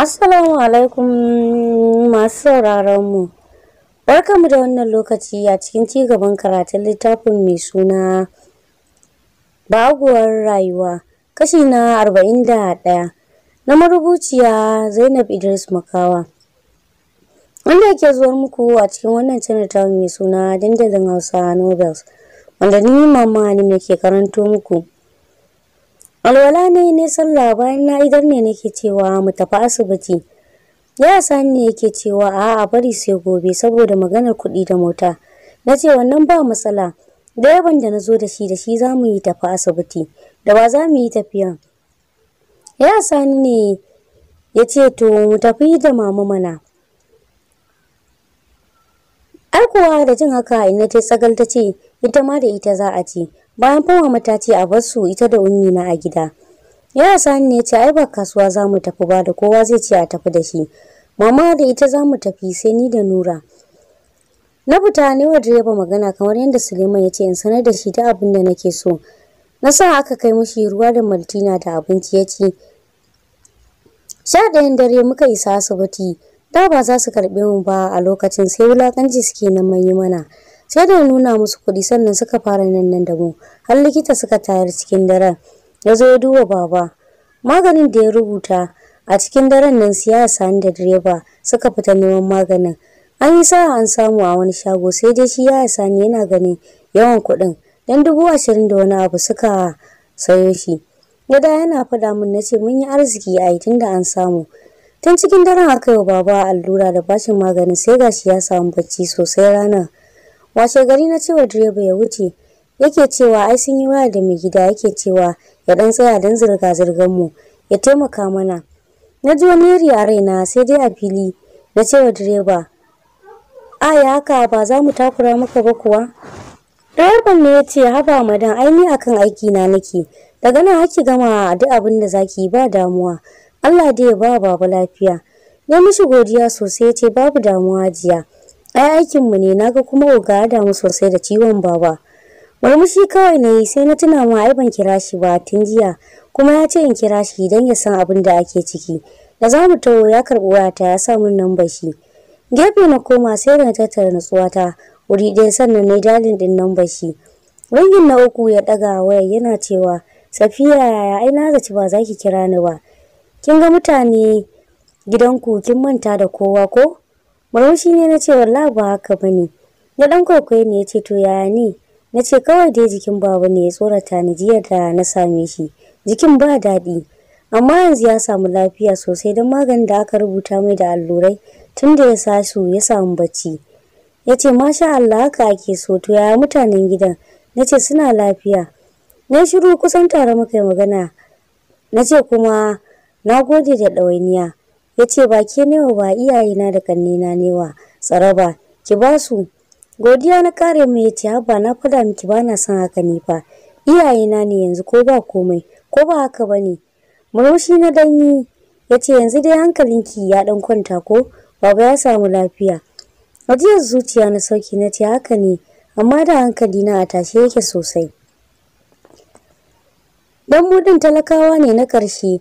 Assalamu alaikum masu sauraron mu. Barkamu da wannan lokaci a cikin ci gaban karatun littafin mai suna Baguwar rayuwa kashi na arba'in 41 na marubuciya Zainab Idris Makawa. Wanda yake zuwar muku a cikin wannan canar ta mai suna dandalin Hausa Nobels wanda ni mama ne ke karanto muku. alwala ne ne sallah bayan na idan ne nake cewa mu tafi asibiti ya sani ne yake cewa a bari sai gobe saboda maganar kuɗi da mota na ce wannan ba matsala direban da nazo zo da shi da shi za mu yi tafi asibiti da ba za mu yi tafiya ya sani ne ya ce to mu tafi da mama mana ai kuwa da jin haka ina ta tsagal ta ce ita ma da ita za a ci bayan fawa ta ce a bar su ita da ummi na a gida ya sani ne ce ai ba kasuwa za mu tafi ba da kowa zai ce a tafi da shi mama da ita za mu tafi sai ni da nura na fita ne wa direba magana kamar yadda suleiman ya ce in sanar da shi ta abin da nake so na sa aka kai mushi ruwa da maltina da abinci ya ci sha ɗayan dare muka isa asibiti da ba za su karɓe mu ba a lokacin sai wulaƙanci suke nan mai mana sai da nuna musu kuɗi sannan suka fara nan da mu har likita suka tayar cikin daren ya zo ya duba baba maganin da ya rubuta a cikin daren nan siyasa da direba suka fita neman maganin an yi sa'a an samu a wani shago sai dai shi ya sani yana ganin yawan kuɗin dan dubu ashirin da wani abu suka sayo shi gada yana faɗa min na ce mun yi arziki a tun da an samu tun cikin daren aka yi wa baba allura da bashin maganin sai gashi ya samu bacci sosai ranar washe gari na cewa direba ya wuce yake cewa ai sun yi waya da mai gida yake cewa ya dan tsaya don zirga-zirgar mu ya taimaka mana na ji wani yari a raina sai dai a fili na cewa direba a ya haka ba za mu takura maka ba kuwa direban ne ya ce haba madan ai ni akan aiki na nake daga nan haki gama duk abin da zaki ba damuwa Allah dai ya ba babu lafiya ya mishi godiya sosai ya ce babu damuwa jiya ai aikinmu ne naga kuma oga da mu sosai da ciwon baba murmushi kawai ne sai na tuna mu ai ban kira shi ba tun jiya kuma ya ce in kira shi idan ya san abin da ake ciki da za mu taho ya karɓi wayata ya sa mun nan shi gefe na koma sai na tattara ta, wuri ɗaya sannan na dalin ɗin nan shi wangin na uku ya ɗaga waya yana cewa safiya yaya ai na zaci ba za ki kira ni ba kin ga mutane gidanku kin manta da kowa ko Murmushi ne na ce wallahi ba haka bane Na ɗan kwaikwayo ne ya ce to yaya ne? Na ce kawai dai jikin baba ne ya tsorata ni jiya da na same shi. Jikin ba daɗi. Amma yanzu ya samu lafiya sosai don maganin da aka rubuta mai da allurai tun da ya sasu ya samu bacci. Ya ce masha Allah haka ake so to yaya mutanen gidan? Na ce suna lafiya. Na shiru kusan tare muka yi magana. Na ce kuma na gode da ɗawainiya. ya ce ba ke newa ba iyaye na da kannina newa tsaraba ki ba su godiya na kare mu ya ce haba na fada miki ba na son haka ni fa iyayena ne yanzu ko ba komai ko ba haka ba ne murmushi na danyi ya ce yanzu dai hankalinki ya dan kwanta ko baba ya samu lafiya ajiyar zuciya na sauki na ce haka ne amma da hankali na a tashe yake sosai dan mudin talakawa ne na karshe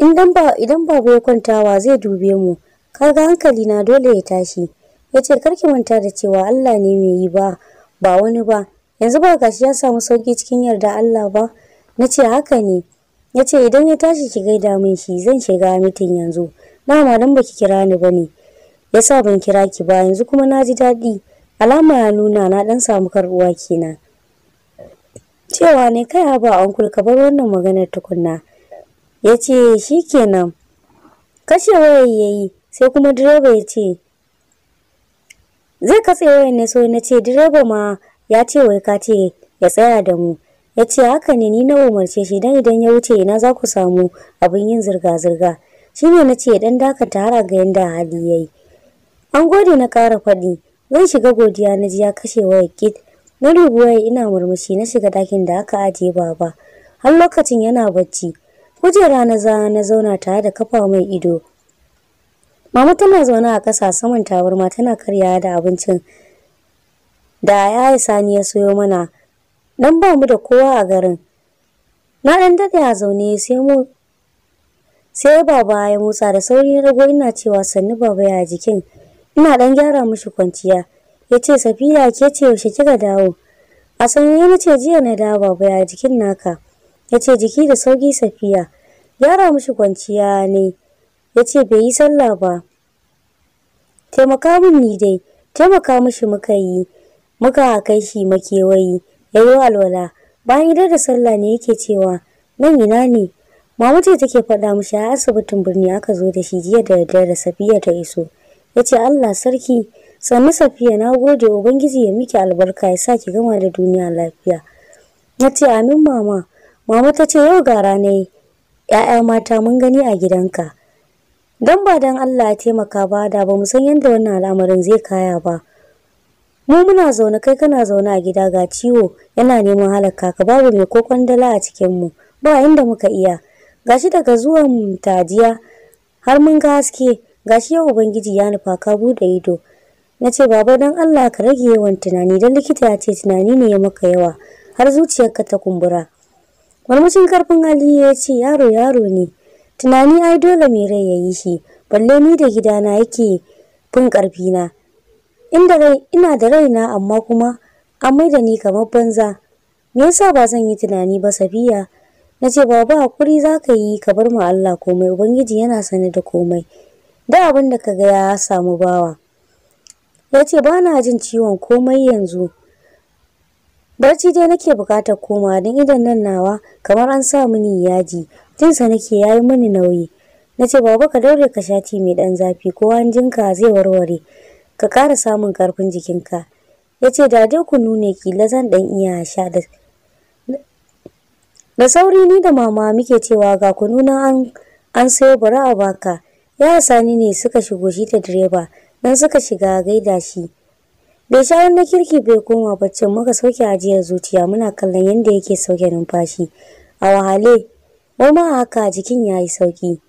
in ba idan baba ya kwantawa zai dube mu kaga hankali na dole ya tashi yace ki manta da cewa Allah ne mai yi ba ba wani ba yanzu ba gashi ya samu sauki cikin yarda Allah ba nace haka ne yace idan ya tashi ki gaida min shi zan shiga mitin yanzu dama dan baki kira ni bane yasa ban kira ki ba yanzu kuma na ji daɗi alama ya nuna na dan samu ke kenan cewa ne kai ba an ka bar wannan maganar tukunna ya ce shi kenan kashe wayar ya yi sai kuma direba ya ce zai katse wayar ne sai na ce direba ma ya ce wai ka ce ya tsaya da mu ya ce haka ne ni na umarce shi dan idan ya wuce ina za ku samu abin yin zirga-zirga Shi ne na ce dan dakata har ga yanda hali yayi an gode na ƙara faɗi zan shiga godiya na ji ya kashe wayar kit na rubuwa ina murmushi na shiga dakin da aka ajiye baba har lokacin yana bacci Kujera na za na zauna tare da kafa mai ido. Mama tana zaune a ƙasa saman tabarma tana karya da abincin da ya sani ya soyo mana. Dan ba mu da kowa a garin. Na dan dade a zaune sai mu sai baba ya motsa da sauri na rago ina cewa sannu baba ya jikin. Ina dan gyara mishi kwanciya. Ya ce Safiya ke ce yaushe kika dawo. A sanye na ce jiya na dawo baba ya jikin naka. Yace, jiki da sauki safiya gyara mishi kwanciya ne Yace, bai yi sallah ba taimaka min ni dai taimaka mishi muka yi muka kai shi makewayi ya yi alwala bayan da sallah ne yake cewa nan ina ne mamu ce take faɗa mishi a asibitin birni aka zo da shi jiya da da safiya ta iso Yace, allah sarki sannu safiya na gode ubangiji ya miki albarka ya sa ki gama da duniya lafiya Yace, amin mama Mama ta ce yau gara ne, ‘ya'ya mata mun gani a gidanka. Don ba don Allah ya taimaka ba da ba mu san yadda wannan al'amarin zai kaya ba. Mu muna zaune kai kana zaune a gida ga ciwo yana neman halaka ka babu mai ko kwandala a cikinmu ba inda muka iya. Gashi daga zuwan tajiya har mun ga haske gashi yau Ubangiji ya nufa ka buɗe ido. Na ce baba don Allah ka rage yawan tunani don likita ya ce tunani ne ya maka yawa har zuciyarka ta kumbura Marmashin karfin hali ya ce yaro yaro ne. Tunani ai dole mai rai ya yi shi, balle ni da gidana yake fin ƙarfina. Inda rai ina da raina amma kuma an da ni kamar banza. Me yasa ba zan yi tunani ba Safiya? Na ce baba hakuri za ka yi ka bar mu Allah komai Ubangiji yana sane da komai. Da abin da ka ga ya samu bawa. Ya ce ba na jin ciwon komai yanzu. Barci dai nake bukatar koma don idan nan nawa kamar an sa mini yaji. Jinsa nake yayi mini nauyi. nace baba ka daure ka sha ci mai ɗan zafi ko hanjinka zai warware. Ka ƙara samun karfin jikinka. Ya ce da je kunu ne kila zan ɗan iya sha da Da sauri ni da mama muke cewa ga kunu na an an sayo bara a baka. Ya sani ne suka shigo shi da direba. Dan suka shiga gaida shi. da sha na kirki bai koma bacci muka sauke ajiyar zuciya muna kallon yadda yake sauke numfashi a wahale ma haka jikin ya yi sauki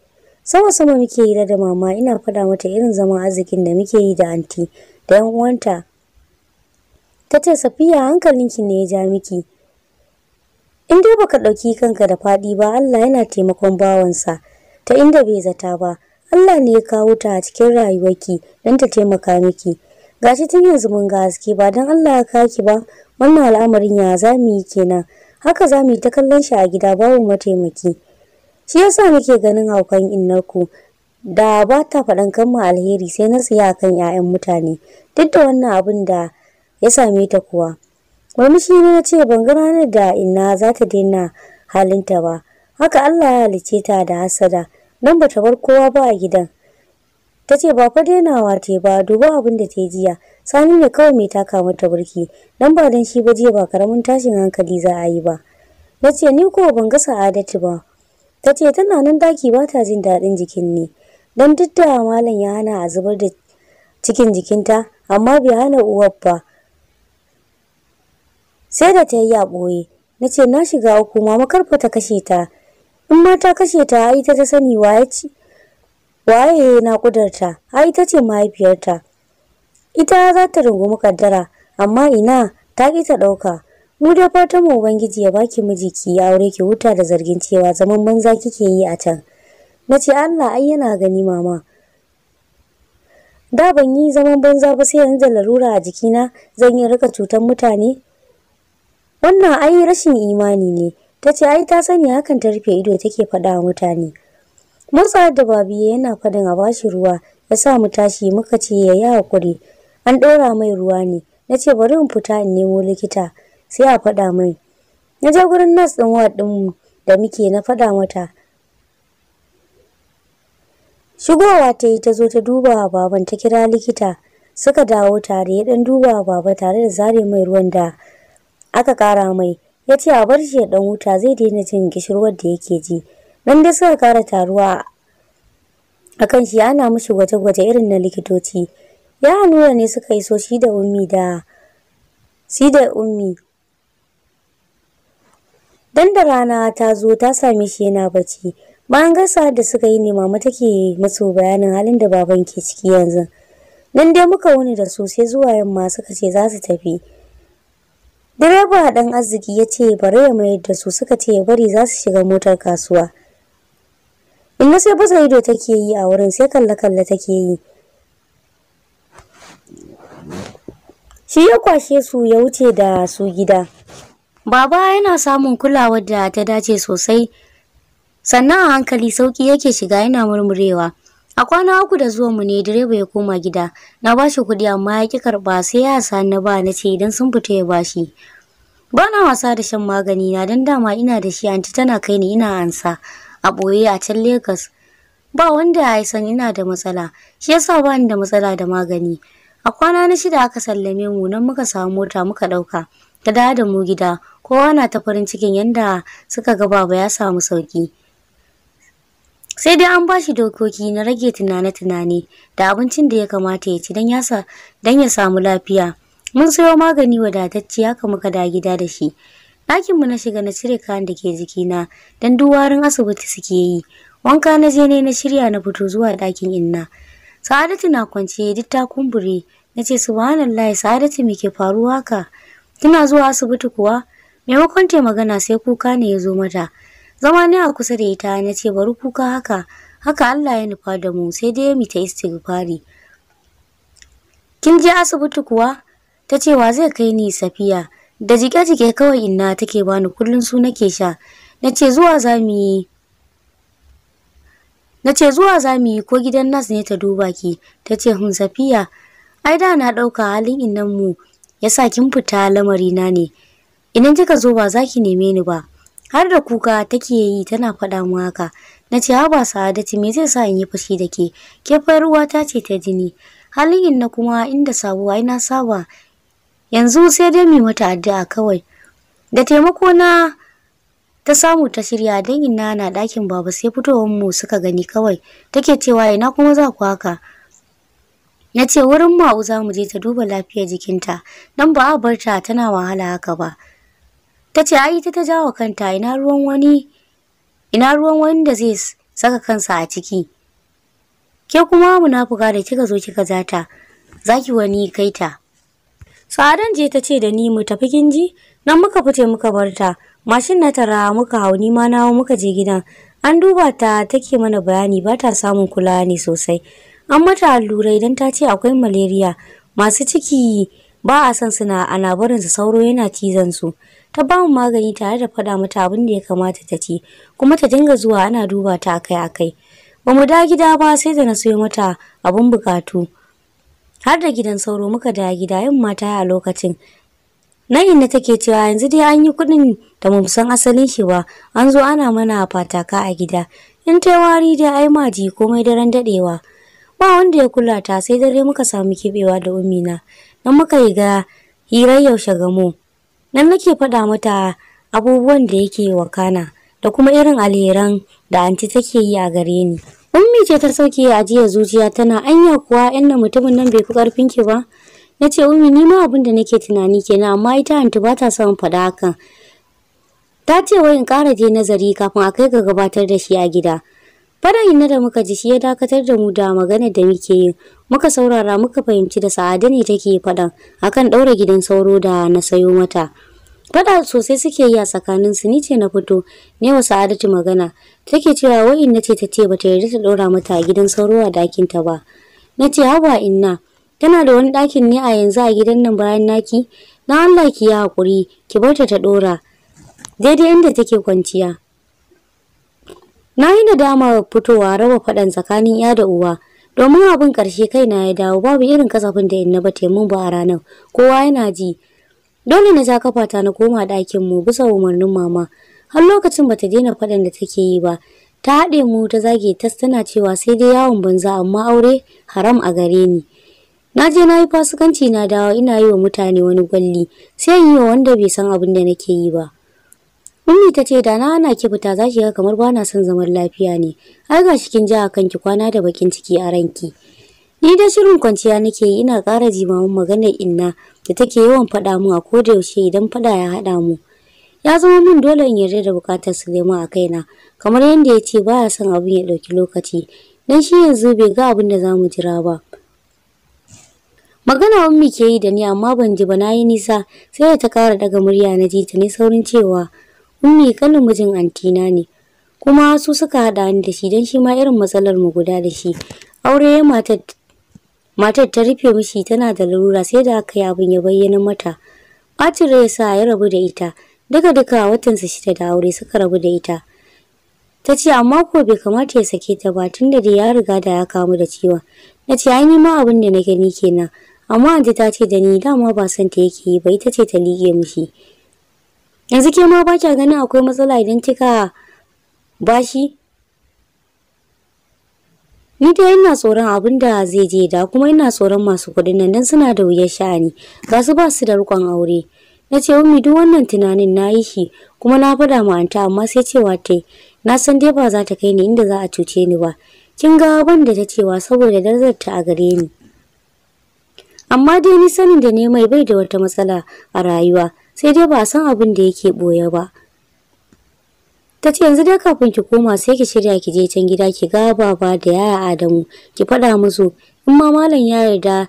sama sama muke yi da mama ina faɗa mata irin zama arzikin da muke yi da anti da yan uwanta ta ce safiya hankalinki ne ya ja miki in dai baka ɗauki kanka da faɗi ba allah yana taimakon bawansa ta inda bai zata ba allah ne ya kawo ta a cikin rayuwarki don ta taimaka miki gashi tun yanzu mun ga haske ba don Allah ya kaki ba wannan al'amarin ya za mu yi kenan haka za mu yi ta kallon shi a gida babu mataimaki shi yasa muke ganin haukan innarku da ba ta faɗan kan alheri sai na siya kan 'ya'yan mutane duk da wannan abin da ya same ta kuwa shi ne na ce ban ga ranar da inna za ta daina halinta ba haka Allah ya halice ta da hasada don bata bar kowa ba a gidan ta ce ba fa dainawa te ba duba abin da ta jiya sani ne kawai mai taka mata burki dan ba dan shi ba jiya ba karamin tashin hankali za a yi ba nace ce ni ko ban ga sa'adatu ba ta ce tana nan daki ba ta jin dadin jikin ne dan duk da ya hana a zubar da cikin jikinta amma bai hana uwar ba sai da ta yi a ɓoye na ce na shiga uku mama karfa ta kashe ta in mata ta kashe ta ai ta sani wa ya waye na kudarta ai ita ce mahaifiyarta ita za ta rungumi kaddara amma ina ta ƙi ta ɗauka mu da fatan mu ubangiji ya baki miji ki ya aure ki huta da zargin cewa zaman banza kike yi a can na ce Allah ai yana gani mama da ban yi zaman banza ba sai yanzu da larura a jikina zan yi rika cutar mutane wannan ai rashin imani ne ta ce ai ta sani hakan ta rufe ido take faɗa wa mutane motsa da babiye yana fadin a bashi ruwa ya sa mu tashi muka ce ya yi hakuri an ɗora mai ruwa ne na ce bari in fita in nemo likita sai a faɗa mai na je gurin nas ɗin wa ɗinmu da muke na faɗa mata shigowa ta yi ta zo ta duba baban ta kira likita suka dawo tare ya ɗan duba baba tare da zare mai ruwan da aka ƙara mai ya ce a bar shi ya ɗan wuta zai daina jin gishirwar da yake ji nan dai suka kara taruwa a kan shi ana mushi gwaje-gwaje irin na likitoci ya nura ne suka iso shi da ummi da si da ummi dan da rana ta zo ta same shi yana bacci bayan gasa da suka yi ne mama take musu bayanin halin da baban ke ciki yanzu nan dai muka wuni da su sai zuwa yamma suka ce za su tafi direba dan arziki ya ce bari ya mayar da su suka ce ya bari za su shiga motar kasuwa Inna sai busa ido take yi a wurin sai kalle-kalle take yi. Shi ya kwashe su ya wuce da su gida. Baba yana samun kulawa da ta dace sosai. Sannan a hankali sauki yake shiga yana murmurewa. A kwana uku da zuwa mu ne direba ya koma gida. Na bashi kuɗi amma ya ki karɓa sai ya sa na ba na ce idan sun fita ya bashi. Bana wasa da shan magani na don dama ina da shi anti tana kai ni ina ansa. a ɓoye a can Legas. Ba wanda ya san ina da matsala, shi yasa ba ni da matsala da magani. A kwana na shida aka sallame mu nan muka samu mota muka ɗauka. Ta dawo da mu gida, kowa na ta farin cikin yadda suka ga baba ya samu sauki. Sai dai an bashi dokoki na rage tunane-tunane da abincin da ya kamata ya ci don ya samu lafiya. Mun sayo magani wadatacce haka muka da gida da shi. mu na shiga na cire kayan da ke jikina don duwarin asibiti suke yi. Wanka na je ne na shirya na fito zuwa ɗakin inna. Sa'adatu na kwance duk ta kumbure na ce subhanallah Sa'adatu me ke faruwa haka? Kina zuwa asibiti kuwa? Maimakon ta magana sai kuka ne ya zo mata. Zama ne a kusa da ita na ce bari kuka haka. Haka Allah ya nufa da mu sai dai mu ta istighfari. Kin je asibiti kuwa? Ta ce wa zai kai ni Safiya? da jike-jike kawai inna take bani kullum su nake sha nace zuwa za mu yi zuwa ko gidan nas ne ta duba ki tace ce hmm, safiya ai da na ɗauka halin innan mu yasa kin fita lamari na ne idan kika zo ba zaki neme ni ba har da kuka take yi tana faɗa mu haka na ce haba sa'adati me zai sa in yi fashi da ke ke ruwa ta ce ta jini halin inna kuma inda sabuwa ina saba yanzu sai dai mu mata addu'a kawai da taimako na ta samu ta shirya don ina na ɗakin baba sai fitowar mu suka gani kawai take cewa ina kuma za ku haka na ce wurin ma'u za mu je ta duba lafiyar jikinta don ba a bar ta tana wahala haka ba ta ce ai ta ta jawo kanta ina ruwan wani ina ruwan wani da zai saka kansa a ciki ke kuma munafuka da kika zo kika zata zaki wani kaita Sa'adan je ta ce da ni mu tafi ginji, nan muka fice muka bar ta. Mashin na tara muka hau ni ma nawo muka je gidan. An duba ta take mana bayani ba ta samun kula ne sosai. An mata allurai idan ta ce akwai malaria. Masu ciki ba a son suna ana barin su sauro yana cizon su. Ta ba mu magani tare da faɗa mata abin da ya kamata ta ci, kuma ta dinga zuwa ana duba ta akai-akai. Bamu da gida ba sai da na sayo mata abin bukatu. har da gidan sauro muka da gida yamma mata a lokacin nan inda take cewa yanzu dai an yi kuɗin da mu san asalin shi ba an zo ana mana fataka a gida in ta wari dai ai maji komai daren daɗewa ba wanda ya kula ta sai dare muka samu kibewa da umina nan muka yi ga hirar yaushe ga gamo nan nake faɗa mata abubuwan da yake wakana da kuma irin alheran da anti take yi a gare ni. Ummi ce ta sauke a jiya zuciya tana anya kuwa inda mutumin nan bai fi karfin ki ba. Na ce Ummi ni ma abin da nake tunani kenan amma ita anti ba ta son faɗa hakan. Ta ce wai in ƙara je nazari kafin a kai ga gabatar da shi a gida. Faɗan ina da muka ji shi ya dakatar da mu da magana da muke yi. Muka saurara muka fahimci da sa'ada ne take faɗan akan ɗaura gidan sauro da na sayo mata. Faɗa sosai suke yi a tsakanin su ni ce na fito ne wa Sa'adatu magana take cewa wai inna ce ta ce bata yarda ta ɗora mata a gidan sauro a ɗakin ta ba. Na ce haba inna tana da wani ɗakin ne a yanzu a gidan nan bayan naki na Allah ki yi haƙuri ki bar ta ta ɗora daidai inda take kwanciya. Na yi da dama wa fitowa raba faɗan tsakanin ya da uwa. domin abin ƙarshe kaina ya dawo babu irin kasafin da inna ba bate mun ba a ranar kowa yana ji Dole na ja kafata na koma ɗakin mu bisa umarnin mama. Har lokacin bata daina faɗan da take yi ba. Ta haɗe mu ta zage tas tana cewa sai dai yawon banza amma aure haram a gare ni. Na je na yi fasikanci na dawo ina yi wa mutane wani gwalli sai yi wa wanda bai san abin da nake yi ba. Ummi ta ce da na ana ki fita za ki ga kamar bana son zaman lafiya ne. Ai ga shi kin ja kanki kwana da bakin ciki a ranki. Ni da shirin kwanciya nake yi ina ƙara jimamin maganar inna da take yawan faɗa mu a koda yaushe idan faɗa ya haɗa mu. Ya zama min dole in yarda da buƙatar su Suleiman a kaina kamar yadda ya ce baya son abin ya ɗauki lokaci don shi yanzu bai ga abin da za mu jira ba. Magana mu ke yi da ni amma ban ji ba na yi nisa sai da ta ƙara daga murya na ji ta ne saurin cewa ummi kanin mijin antina ne kuma su suka haɗa ni da shi don shi ma irin matsalar mu guda da shi. Aure ya matar matar ta rufe mishi tana da larura sai da aka yi abin ya bayyana mata ɓacin rai sa ya rabu da ita duka duka watansa shida da aure suka rabu da ita ta ce amma ko bai kamata ya sake ta ba tun da ya riga da ya kamu da ciwon na ce ai ma abin da na gani kenan amma anti ta ce da ni dama ba san ta yake yi ba ita ce ta liƙe mishi yanzu ke ma ba ganin akwai matsala idan kika bashi Ni dai ina tsoron abin da zai je da kuma ina tsoron masu kuɗin nan dan suna da wuyar sha'ani. Ga su ba su da rikon aure. Na ce ummi duk wannan tunanin na yi shi kuma na faɗa ma anta amma sai cewa tai na san dai ba za ta kai ni inda za a cuce ni ba. Kin ga banda ta cewa saboda ta a gare ni. Amma dai ni sanin da ne mai bai da wata matsala a rayuwa sai dai ba a san abin da yake boye ba. ta ce yanzu dai kafin ki koma sai ki shirya ki je can gida ki ga baba da yaya Adamu ki faɗa musu in ma malam ya yarda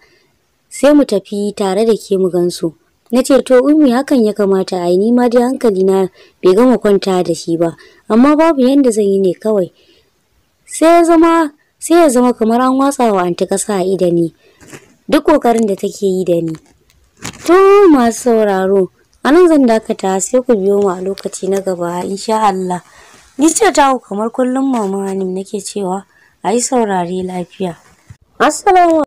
sai mu tafi tare da ke mu gansu na ce to ummi hakan ya kamata yi ni ma dai hankali na bai gama kwanta da shi ba amma babu yanda zan yi ne kawai sai ya zama sai ya zama kamar an watsa wa anti kasa a idani duk kokarin da take yi da ni to masu sauraro Anan zan dakata sai ku biyo mu a lokaci na gaba insha Allah ni ce ta kamar kullum mama nake cewa ayi yi saurare lafiya assalamu